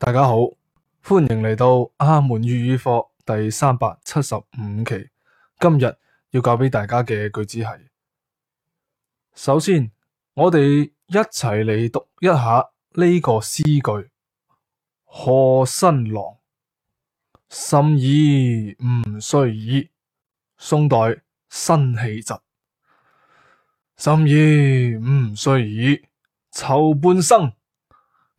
大家好，歡迎嚟到阿門粵語課第三百七十五期。今日要教俾大家嘅句子係，首先我哋一齊嚟讀一下呢個詩句：賀新郎，甚矣吾衰矣，宋代辛棄疾。甚矣吾衰矣，悵平生。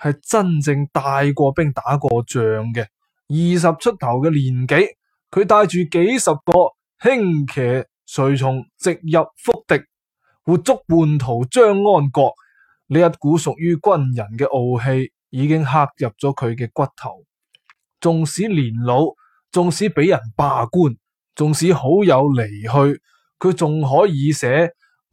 係真正帶過兵打過仗嘅二十出頭嘅年紀，佢帶住幾十個輕騎隨從直入腹敵，活捉叛徒張安國。呢一股屬於軍人嘅傲氣已經刻入咗佢嘅骨頭。縱使年老，縱使俾人罷官，縱使好友離去，佢仲可以寫。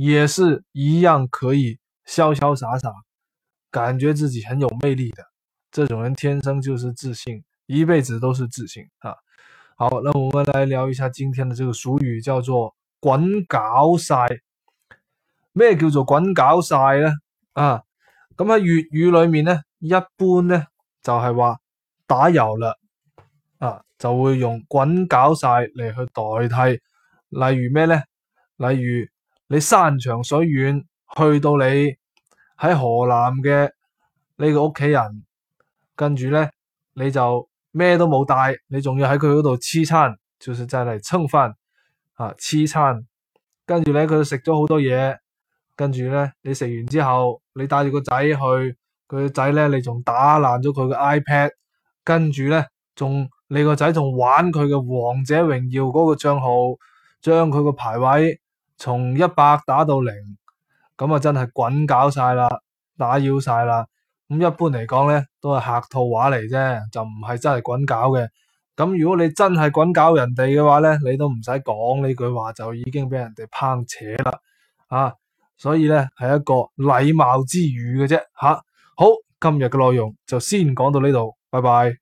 也是一樣可以瀟瀟灑灑，感覺自己很有魅力的。這種人天生就是自信，一輩子都是自信啊。好，那我們來聊一下今天的這個俗語，叫做“滾攪晒”。咩叫做“滾攪晒”呢？啊，咁喺粵語裏面呢，一般呢就係、是、話打擾啦，啊，就會用“滾攪晒”嚟去代替。例如咩呢？例如。你山長水遠去到你喺河南嘅你個屋企人，跟住咧你就咩都冇帶，你仲要喺佢嗰度黐餐，就是就嚟蹭飯啊黐餐，跟住咧佢食咗好多嘢，跟住咧你食完之後，你帶住個仔去，佢個仔咧你仲打爛咗佢個 iPad，跟住咧仲你個仔仲玩佢嘅王者榮耀嗰個賬號，將佢個排位。從一百打到零，咁啊真係滾攪晒啦，打擾晒啦。咁一般嚟講咧，都係客套話嚟啫，就唔係真係滾攪嘅。咁如果你真係滾攪人哋嘅話咧，你都唔使講呢句話就已經俾人哋抨扯啦、啊。所以咧係一個禮貌之語嘅啫。吓、啊，好，今日嘅內容就先講到呢度，拜拜。